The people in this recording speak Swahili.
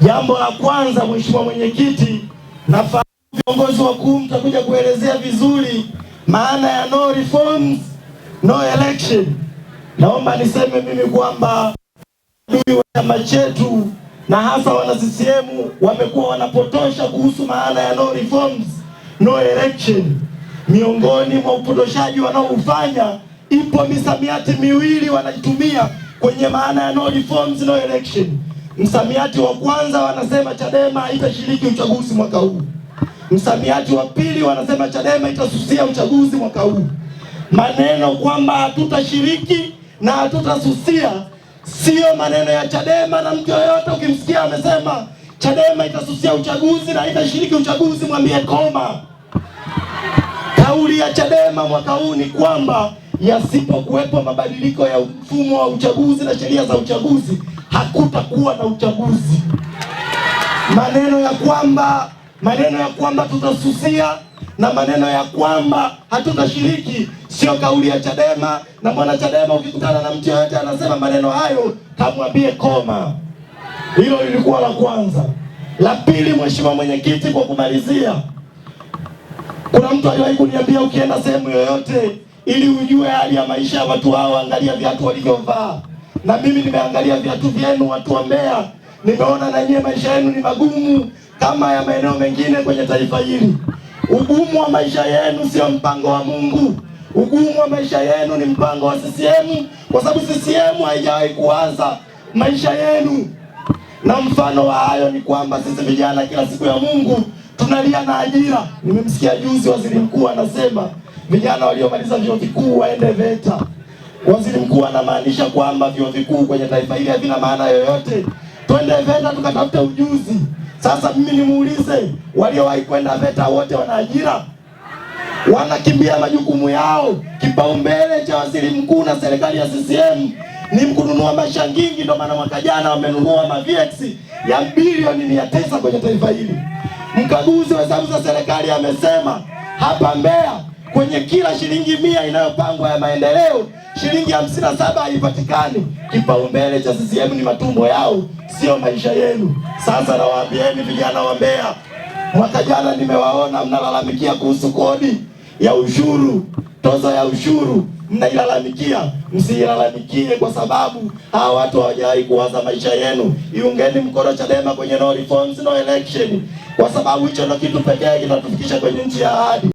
Jambo la kwanza, mheshimiwa mwenyekiti, nafahamu viongozi wakuu mtakuja kuelezea vizuri maana ya no reforms no election. Naomba niseme mimi kwamba adui wa chama chetu na hasa wana CCM wamekuwa wanapotosha kuhusu maana ya no reforms no election. Miongoni mwa upotoshaji wanaoufanya ipo misamiati miwili wanaitumia kwenye maana ya no reforms no election. Msamiati wa kwanza wanasema Chadema haitashiriki uchaguzi mwaka huu. Msamiati wa pili wanasema Chadema itasusia uchaguzi mwaka huu. Maneno kwamba hatutashiriki na hatutasusia sio maneno ya Chadema, na mtu yoyote ukimsikia amesema Chadema itasusia uchaguzi na itashiriki uchaguzi, mwambie koma. Kauli ya Chadema mwaka huu ni kwamba yasipokuwepo mabadiliko ya mfumo wa uchaguzi na sheria za uchaguzi hakutakuwa na uchaguzi. Maneno ya kwamba maneno ya kwamba tutasusia na maneno ya kwamba hatutashiriki sio kauli ya Chadema. Na mwana Chadema ukikutana na mtu yoyote anasema maneno hayo, kamwambie koma. Hilo lilikuwa la kwanza. La pili, mheshimiwa mwenyekiti, kwa kumalizia, kuna mtu aliwahi kuniambia ukienda sehemu yoyote, ili ujue hali ya maisha ya watu hao, angalia viatu walivyovaa na mimi nimeangalia viatu vyenu watu wa Mbeya, nimeona na nyie maisha yenu ni magumu kama ya maeneo mengine kwenye taifa hili. Ugumu wa maisha yenu sio mpango wa Mungu. Ugumu wa maisha yenu ni mpango wa CCM, kwa sababu CCM haijawahi kuanza maisha yenu. Na mfano wa hayo ni kwamba sisi vijana kila siku ya Mungu tunalia na ajira. Nimemsikia juzi waziri mkuu anasema vijana waliomaliza vyuo vikuu waende VETA Waziri mkuu anamaanisha kwamba vyuo vikuu kwenye taifa hili havina maana yoyote. Twende VETA tukatafute ujuzi. Sasa mimi nimuulize, waliowahi kwenda VETA wote wana ajira? Wanakimbia majukumu yao. Kipaumbele cha waziri mkuu na serikali ya CCM ni mkununua mashangingi, ndio maana mwaka jana wamenunua mavx ya bilioni mia tisa kwenye taifa hili. Mkaguzi wa hesabu za serikali amesema hapa Mbeya kwenye kila shilingi mia inayopangwa ya maendeleo, shilingi hamsini na saba haipatikani. Kipaumbele cha CCM ni matumbo yao, sio maisha yenu. Sasa nawaambieni vijana wa Mbeya, mwaka jana nimewaona mnalalamikia kuhusu kodi ya ushuru, tozo ya ushuru mnailalamikia. Msiilalamikie kwa sababu hawa watu hawajawahi kuwaza maisha yenu. Iungeni mkono CHADEMA kwenye no reforms, no election, kwa sababu hicho ndo kitu pekee kinatufikisha kwenye nchi ya ahadi.